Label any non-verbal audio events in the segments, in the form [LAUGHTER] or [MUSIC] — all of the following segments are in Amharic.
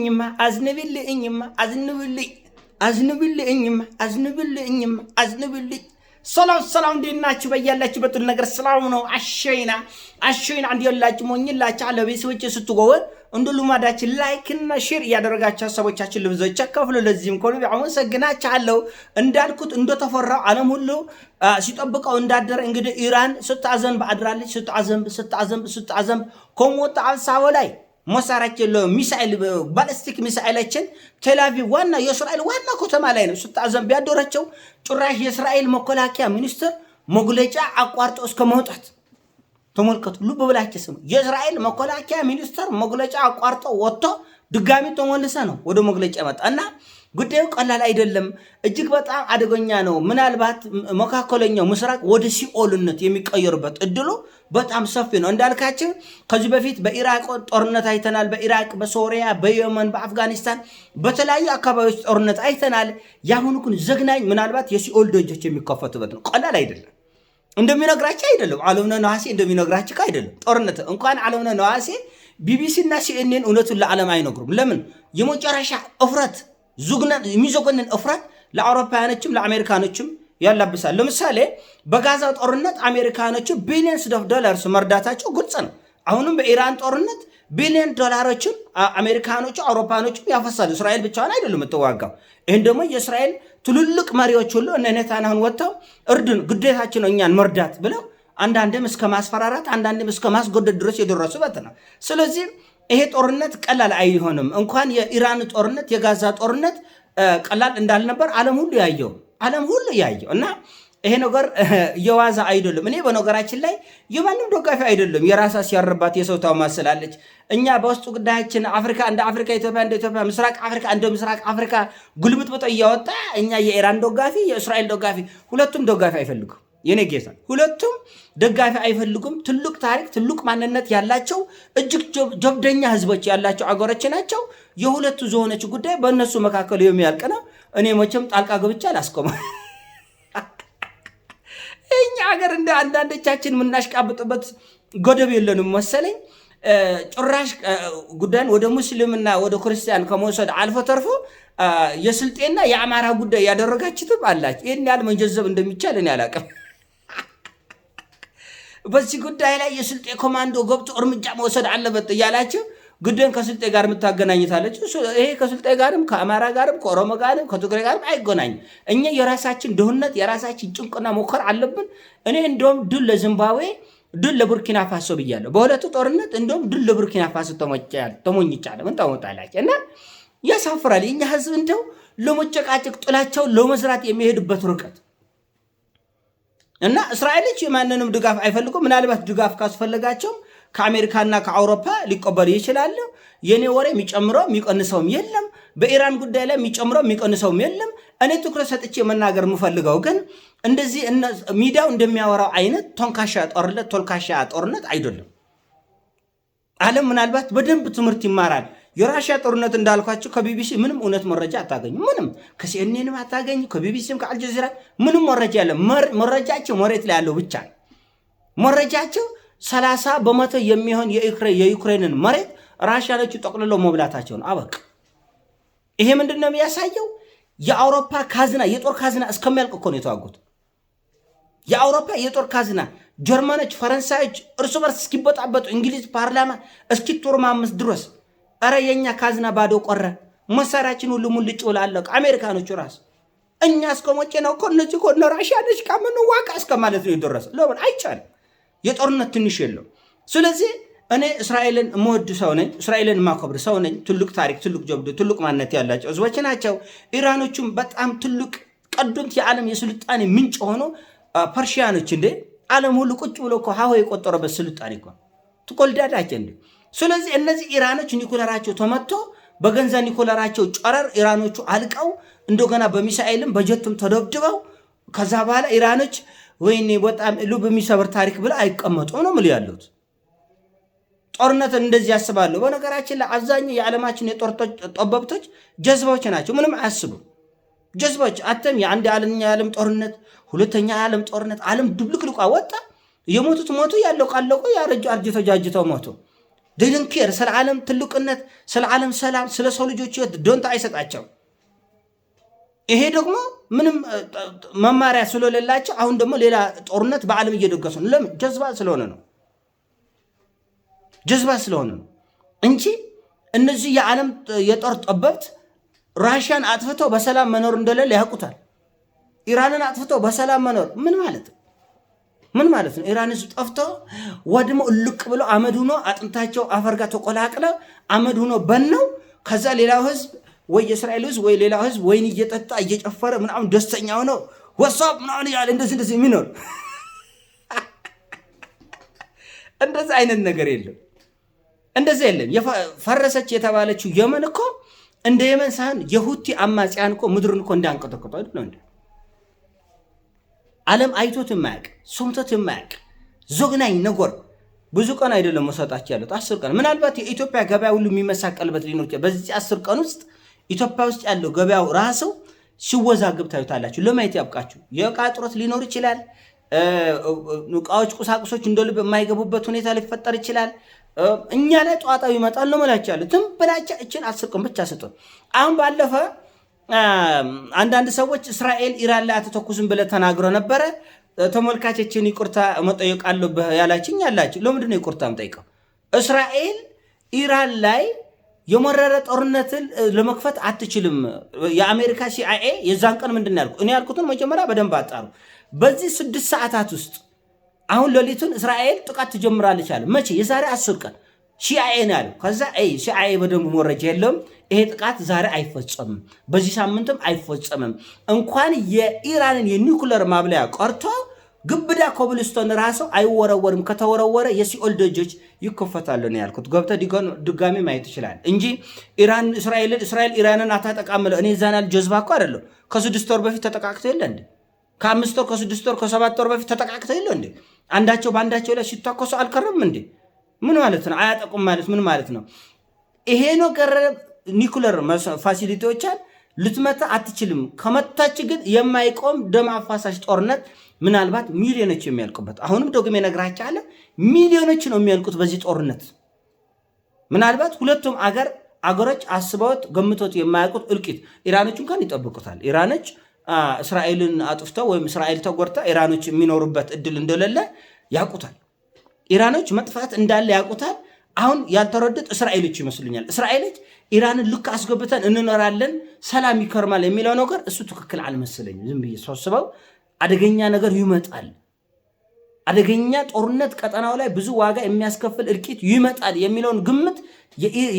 አዝንብልኝማ አዝንብልኝማ አዝንብልኝ አዝንብልኝማ አዝንብልኝማ አዝንብልኝ። ሰላም ሰላም፣ እንዴት ናችሁ? በያላችሁ በጥሩ ነገር ሰላም ነው። አሸይና አሸይና እንዲላችሁ ሞኝላችሁ አለ ቤተሰቦች ስትጎወ እንደ ልማዳችን ላይክ እና ሼር እያደረጋችሁ ሀሳቦቻችን ልብዞች ከፍሎ ለዚህም ከሆኑ አመሰግናችኋለሁ። እንዳልኩት እንደተፈራው ዓለም ሁሉ ሲጠብቀው እንዳደረ እንግዲህ ኢራን ስታዘንብ አድራለች። ስታዘንብ ስታዘንብ ስታዘንብ ከሞት አንሳ በላይ መሳሪያችን ሚሳኤል ባለስቲክ ሚሳኤላችን ቴልአቪቭ ዋና የእስራኤል ዋና ከተማ ላይ ነው ስታዘን ቢያደረቸው ጭራሽ የእስራኤል መከላከያ ሚኒስትር መግለጫ አቋርጦ እስከ መውጣት ተመልከቱ። ልብ ብላችሁ ስሙ። የእስራኤል መከላከያ ሚኒስትር መግለጫ አቋርጦ ወጥቶ ድጋሚ ተመልሰ ነው ወደ መግለጫ መጣ እና ጉዳዩ ቀላል አይደለም፣ እጅግ በጣም አደገኛ ነው። ምናልባት መካከለኛው ምስራቅ ወደ ሲኦልነት የሚቀየሩበት እድሉ በጣም ሰፊ ነው። እንዳልካችን ከዚህ በፊት በኢራቅ ጦርነት አይተናል። በኢራቅ፣ በሶሪያ፣ በየመን፣ በአፍጋኒስታን በተለያዩ አካባቢዎች ጦርነት አይተናል። የአሁኑ ግን ዘግናኝ ምናልባት የሲኦል ደጆች የሚከፈቱበት ነው። ቀላል አይደለም። እንደሚነግራቸው አይደለም። አለምነ ነሐሴ እንደሚነግራቸው አይደለም። ጦርነት እንኳን አለምነ ነሐሴ ቢቢሲ እና ሲኤንኤን እውነቱን ለዓለም አይነግሩም። ለምን? የመጨረሻ እፍረት የሚዘገንን እፍረት ለአውሮፓያኖችም ለአሜሪካኖችም ያላብሳል። ለምሳሌ በጋዛ ጦርነት አሜሪካኖቹ ቢሊየንስ ኦፍ ዶላርስ መርዳታቸው ግልጽ ነው። አሁንም በኢራን ጦርነት ቢሊዮን ዶላሮችን አሜሪካኖቹ አውሮፓኖችም ያፈሳሉ። እስራኤል ብቻዋን አይደሉም የምትዋጋው። ይህን ደግሞ የእስራኤል ትልልቅ መሪዎች ሁሉ እነ ኔታንያሁን ወጥተው እርድን ግዴታችን እኛን መርዳት ብለው አንዳንድም እስከ ማስፈራራት አንዳንድም እስከ ማስጎደድ ድረስ የደረሱበት ነው። ስለዚህ ይሄ ጦርነት ቀላል አይሆንም። እንኳን የኢራን ጦርነት የጋዛ ጦርነት ቀላል እንዳልነበር ዓለም ሁሉ ያየው ዓለም ሁሉ ያየው እና ይሄ ነገር የዋዛ አይደለም። እኔ በነገራችን ላይ የማንም ደጋፊ አይደለም። የራሳ ሲያርባት የሰው ታማስላለች። እኛ በውስጥ ጉዳያችን አፍሪካ እንደ አፍሪካ፣ ኢትዮጵያ እንደ ኢትዮጵያ፣ ምስራቅ አፍሪካ እንደ ምስራቅ አፍሪካ ጉልብጥብጦ እያወጣ እኛ የኢራን ደጋፊ፣ የእስራኤል ደጋፊ ሁለቱም ደጋፊ አይፈልግም። የኔ ጌታ ሁለቱም ደጋፊ አይፈልጉም። ትልቅ ታሪክ፣ ትልቅ ማንነት ያላቸው እጅግ ጀብደኛ ህዝቦች ያላቸው አገሮች ናቸው። የሁለቱ ዝሆኖች ጉዳይ በእነሱ መካከል የሚያልቅ ነው። እኔ መቼም ጣልቃ ገብቻ አላስቆመ [LAUGHS] እኛ ሀገር እንደ አንዳንዶቻችን የምናሽቃብጥበት ገደብ የለንም መሰለኝ። ጭራሽ ጉዳይን ወደ ሙስሊምና ወደ ክርስቲያን ከመውሰድ አልፎ ተርፎ የስልጤና የአማራ ጉዳይ ያደረጋችትም አላቸው። ይህን ያህል መንጀዘብ እንደሚቻል እኔ አላቅም። በዚህ ጉዳይ ላይ የስልጤ ኮማንዶ ገብቶ እርምጃ መውሰድ አለበት እያላችሁ ጉዳይን ከስልጤ ጋር የምታገናኝታለች። ይሄ ከስልጤ ጋርም ከአማራ ጋርም ከኦሮሞ ጋርም ከትግራይ ጋርም አይገናኝም። እኛ የራሳችን ድህነት የራሳችን ጭንቅና ሞከር አለብን። እኔ እንደውም ድል ለዚምባብዌ ድል ለቡርኪና ፋሶ ብያለሁ። በሁለቱ ጦርነት እንደውም ድል ለቡርኪና ፋሶ ተሞኝቻለሁ። ምን ታወጣላችሁ? እና ያሳፍራል። የኛ ህዝብ እንደው ለመጨቃጨቅ ጥላቸውን ለመዝራት የሚሄድበት ርቀት እና እስራኤሎች የማንንም ድጋፍ አይፈልጉም። ምናልባት ድጋፍ ካስፈለጋቸውም ከአሜሪካና ከአውሮፓ ሊቀበሉ ይችላሉ። የእኔ ወሬ የሚጨምረው የሚቀንሰውም የለም። በኢራን ጉዳይ ላይ የሚጨምረው የሚቀንሰውም የለም። እኔ ትኩረት ሰጥቼ መናገር የምፈልገው ግን እንደዚህ ሚዲያው እንደሚያወራው አይነት ቶንካሻ ጦርነት ቶልካሻ ጦርነት አይደለም። ዓለም ምናልባት በደንብ ትምህርት ይማራል። የራሽያ ጦርነት እንዳልኳቸው ከቢቢሲ ምንም እውነት መረጃ አታገኙ። ምንም ከሲኤንኤንም አታገኙ፣ ከቢቢሲም ከአልጀዚራ ምንም መረጃ ያለ መረጃቸው መሬት ላይ ያለው ብቻ ነው። መረጃቸው ሰላሳ በመቶ የሚሆን የዩክሬንን መሬት ራሽያኖቹ ጠቅልለው መብላታቸው ነው። አበቅ ይሄ ምንድን ነው የሚያሳየው? የአውሮፓ ካዝና የጦር ካዝና እስከሚያልቅ እኮ ነው የተዋጉት። የአውሮፓ የጦር ካዝና ጀርመኖች፣ ፈረንሳዮች እርስ በርስ እስኪበጣበጡ እንግሊዝ ፓርላማ እስኪቶርማምስ ድረስ ኧረ የእኛ ካዝና ባዶ ቆረ። መሳሪያችን ሁሉ ሙልጭ ብሎ አሜሪካኖቹ ራሱ እኛ እስከ ሞጬ ነው እኮ እነዚህ እኮ ራሽያ ነች ካመኑ ዋቃ እስከ ማለት ነው የደረሰው። ለምን አይቻልም? የጦርነት ትንሽ የለው። ስለዚህ እኔ እስራኤልን የምወድ ሰው ነኝ። እስራኤልን የማከብር ሰው ነኝ። ትልቅ ታሪክ፣ ትልቅ ጀብዱ፣ ትልቅ ማንነት ያላቸው ህዝቦች ናቸው። ኢራኖቹም በጣም ትልቅ ቀደምት የዓለም የስልጣኔ ምንጭ ሆኖ ፐርሺያኖች እንዴ ዓለም ሁሉ ቁጭ ብሎ እኮ ሀሆ የቆጠረበት ስልጣኔ እኮ ትቆልዳዳቸ እንዴ ስለዚህ እነዚህ ኢራኖች ኒኩለራቸው ተመቶ በገንዘብ ኒኩለራቸው ጨረር ኢራኖቹ አልቀው እንደገና በሚሳኤልም በጀቱም ተደብድበው ከዛ በኋላ ኢራኖች ወይኔ በጣም ልብ የሚሰብር ታሪክ ብለ አይቀመጡም ነው ምል ያሉት። ጦርነት እንደዚህ ያስባሉ። በነገራችን ላይ አብዛኛው የዓለማችን የጦር ጠበብቶች ጀዝባዎች ናቸው። ምንም አያስቡም። ጀዝባዎች አተም የአንድ የዓለኛ የዓለም ጦርነት፣ ሁለተኛ የዓለም ጦርነት፣ ዓለም ድብልቅልቋ ወጣ። የሞቱት ሞቱ፣ ያለው ቃለቆ፣ ያረጁ አርጅተው ጃጅተው ሞቱ። ድንንኬር ስለ ዓለም ትልቅነት፣ ስለ ዓለም ሰላም፣ ስለ ሰው ልጆች ህይወት ዶንታ አይሰጣቸው። ይሄ ደግሞ ምንም መማሪያ ስለሌላቸው አሁን ደግሞ ሌላ ጦርነት በዓለም እየደገሱ ነው። ለምን? ጀዝባ ስለሆነ ነው። ጀዝባ ስለሆነ ነው እንጂ እነዚህ የዓለም የጦር ጠበብት ራሽያን አጥፍተው በሰላም መኖር እንደሌለ ያውቁታል። ኢራንን አጥፍተው በሰላም መኖር ምን ማለት ነው? ምን ማለት ነው? ኢራን ህዝብ ጠፍቶ ወድሞ እልቅ ብሎ አመድ ሁኖ አጥንታቸው አፈር ጋር ተቆላቅለ አመድ ሁኖ በነው። ከዛ ሌላው ህዝብ ወይ የእስራኤል ህዝብ ወይ ሌላው ህዝብ ወይን እየጠጣ እየጨፈረ ምናምን ደስተኛ ሆኖ ወሳብ ምናምን ያለ እንደዚህ እንደዚህ የሚኖር [LAUGHS] እንደዚህ አይነት ነገር የለም። እንደዚህ የለም። ፈረሰች የተባለችው የመን እኮ እንደ የመን የሁቲ አማጽያን እኮ ምድርን እኮ እንዳንቀጠቀጠ እንዴ? ዓለም አይቶት የማያውቅ ሰምቶት የማያውቅ ዞግናኝ ነጎር ብዙ ቀን አይደለም መሰጣቸው ያሉት አስር ቀን ምናልባት የኢትዮጵያ ገበያ ሁሉ የሚመሳቀልበት ሊኖር ይችላል። በዚህ አስር ቀን ውስጥ ኢትዮጵያ ውስጥ ያለው ገበያው ራሱ ሲወዛግብ ታዩታላችሁ። ለማየት ያብቃችሁ። የእቃ እጥረት ሊኖር ይችላል። እቃዎች፣ ቁሳቁሶች እንደ ልብ የማይገቡበት ሁኔታ ሊፈጠር ይችላል። እኛ ላይ ጧጣው ይመጣል ነው ያሉ ትም ብላቻ እችን አስር ቀን ብቻ ስጡን። አሁን ባለፈ አንዳንድ ሰዎች እስራኤል ኢራን ላይ አትተኩስም ብለ ተናግሮ ነበረ። ተመልካቾችን ይቁርታ መጠየቅ አለብህ ያላችኝ ያላችሁ ለምንድን ይቁርታ ይቅርታ እስራኤል ኢራን ላይ የመረረ ጦርነትን ለመክፈት አትችልም። የአሜሪካ ሲአይኤ የዛን ቀን ምንድን ነው እኔ ያልኩትን መጀመሪያ በደንብ አጣሩ። በዚህ ስድስት ሰዓታት ውስጥ አሁን ሌሊቱን እስራኤል ጥቃት ትጀምራለች አለ። መቼ? የዛሬ አስር ቀን ሲአይኤ ነው ያለው። ከዛ ሲአይኤ በደንብ መረጃ የለውም። ይሄ ጥቃት ዛሬ አይፈጸምም፣ በዚህ ሳምንትም አይፈጸምም። እንኳን የኢራንን የኒኩለር ማብለያ ቀርቶ ግብዳ ኮብልስቶን ራሰው አይወረወርም። ከተወረወረ የሲኦል ደጆች ይከፈታሉ ነው ያልኩት። ገብተ ድጋሚ ማየት ይችላል እንጂ ኢራን እስራኤልን እስራኤል ኢራንን አታጠቃምለ እኔ ዛናል ጀዝባ እኮ አይደለም። ከስድስት ወር በፊት ተጠቃቅቶ የለ እንዴ? ከአምስት ወር ከስድስት ወር ከሰባት ወር በፊት ተጠቃቅቶ የለ እንዴ? አንዳቸው በአንዳቸው ላይ ሲታኮሱ አልከረም እንዴ? ምን ማለት ነው? አያጠቁም ማለት ምን ማለት ነው? ይሄ ነው ቀረ ኒኩለር ፋሲሊቲዎቿን ልትመታ አትችልም። ከመታች ግን የማይቆም ደም አፋሳሽ ጦርነት ምናልባት ሚሊዮኖች የሚያልቁበት አሁንም ደግሞ አለ ሚሊዮኖች ነው የሚያልቁት በዚህ ጦርነት። ምናልባት ሁለቱም አገር አገሮች አስበውት ገምቶት የማያውቁት እልቂት ኢራኖች እንኳን ይጠብቁታል። ኢራኖች እስራኤልን አጥፍተው ወይም እስራኤል ተጎድታ ኢራኖች የሚኖሩበት እድል እንደሌለ ያውቁታል። ኢራኖች መጥፋት እንዳለ ያውቁታል። አሁን ያልተረዱት እስራኤሎች ይመስሉኛል። እስራኤሎች ኢራንን ልክ አስገብተን እንኖራለን፣ ሰላም ይከርማል የሚለው ነገር እሱ ትክክል አልመሰለኝም። ዝም ብዬ ሳስበው አደገኛ ነገር ይመጣል፣ አደገኛ ጦርነት ቀጠናው ላይ ብዙ ዋጋ የሚያስከፍል እልቂት ይመጣል የሚለውን ግምት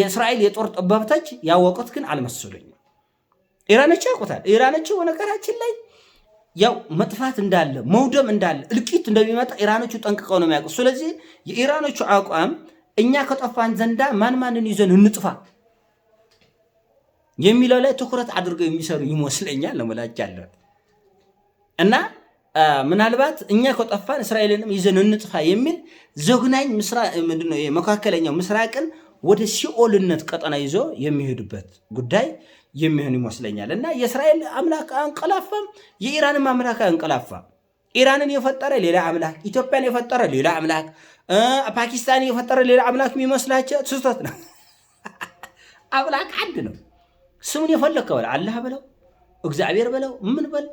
የእስራኤል የጦር ጠበብቶች ያወቁት ግን አልመሰለኝም። ኢራኖች ያውቁታል። ኢራኖች በነገራችን ላይ ያው መጥፋት እንዳለ መውደም እንዳለ እልቂት እንደሚመጣ ኢራኖቹ ጠንቅቀው ነው የሚያውቁ። ስለዚህ የኢራኖቹ አቋም እኛ ከጠፋን ዘንዳ ማን ማንን ይዘን እንጥፋ የሚለው ላይ ትኩረት አድርገው የሚሰሩ ይመስለኛል። ለመላጭ ያለ እና ምናልባት እኛ ከጠፋን እስራኤልንም ይዘን እንጥፋ የሚል ዘግናኝ መካከለኛው ምስራቅን ወደ ሲኦልነት ቀጠና ይዞ የሚሄድበት ጉዳይ የሚሆን ይመስለኛል። እና የእስራኤል አምላክ አንቀላፋም፣ የኢራንም አምላክ አንቀላፋም። ኢራንን የፈጠረ ሌላ አምላክ፣ ኢትዮጵያን የፈጠረ ሌላ አምላክ፣ ፓኪስታን የፈጠረ ሌላ አምላክ የሚመስላቸው ስህተት ነው። [LAUGHS] አምላክ አንድ ነው። ስሙን የፈለግከው አላህ በለው እግዚአብሔር በለው ምን በል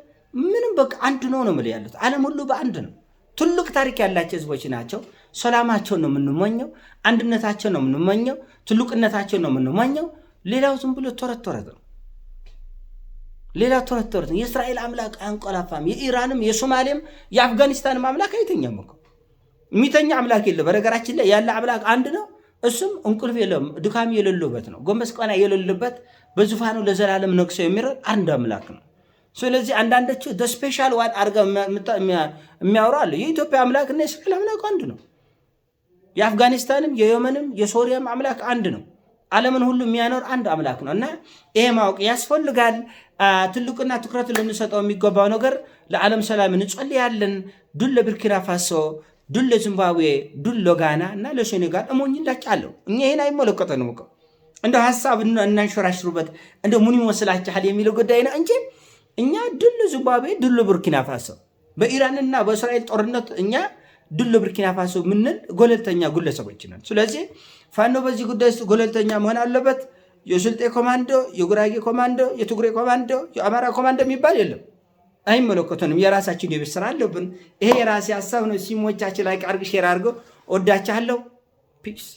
ምንም በቃ አንድ ነው ነው የምልህ ያሉት ዓለም ሁሉ በአንድ ነው። ትልቅ ታሪክ ያላቸው ህዝቦች ናቸው። ሰላማቸውን ነው የምንመኘው፣ አንድነታቸውን ነው የምንመኘው፣ ትልቅነታቸውን ነው የምንመኘው። ሌላው ዝም ብሎ ተረት ተረት ነው። ሌላ ተወተሩት። የእስራኤል አምላክ አንቆላፋም። የኢራንም፣ የሶማሌም፣ የአፍጋኒስታንም አምላክ አይተኛም እኮ የሚተኛ አምላክ የለው። በነገራችን ላይ ያለ አምላክ አንድ ነው። እሱም እንቁልፍ የለም ድካም የሌለበት ነው። ጎንበስ ቀና የሌለበት በዙፋኑ ለዘላለም ነግሶ የሚረድ አንድ አምላክ ነው። ስለዚህ አንዳንዶቹ ስፔሻል ዋን አድርገው የሚያወሩ አለ የኢትዮጵያ እና የእስራኤል አምላክ አንድ ነው። የአፍጋኒስታንም፣ የየመንም፣ የሶሪያም አምላክ አንድ ነው። ዓለምን ሁሉ የሚያኖር አንድ አምላክ ነው እና ይሄ ማወቅ ያስፈልጋል። ትልቁና ትኩረት ልንሰጠው የሚገባው ነገር ለዓለም ሰላም እንጸልያለን። ዱለ ለቡርኪና ፋሶ፣ ዱለ ለዚምባብዌ፣ ዱል ጋና እና ለሴኔጋል እሞኝ አለው። እኛ ይህን አይመለከተንም እኮ እንደ ሀሳብ እናንሸራሽሩበት እንደ ምን ይመስላችኋል የሚለው ጉዳይ ነው እንጂ እኛ ዱል ለዚምባብዌ፣ ዱል ለቡርኪና ፋሶ በኢራንና በእስራኤል ጦርነት እኛ ድሎ ብርኪና ፋሶ ምንል ገለልተኛ ግለሰቦች ነን። ስለዚህ ፋኖ በዚህ ጉዳይ ውስጥ ገለልተኛ መሆን አለበት። የስልጤ ኮማንዶ፣ የጉራጌ ኮማንዶ፣ የትግሬ ኮማንዶ፣ የአማራ ኮማንዶ የሚባል የለም። አይመለከቱንም። የራሳችን የቤት ስራ አለብን። ይሄ የራሴ ሀሳብ ነው። ሲሞቻችን ላይ ቃርግ ሼር አድርገው። ወዳችኋለሁ። ፒስ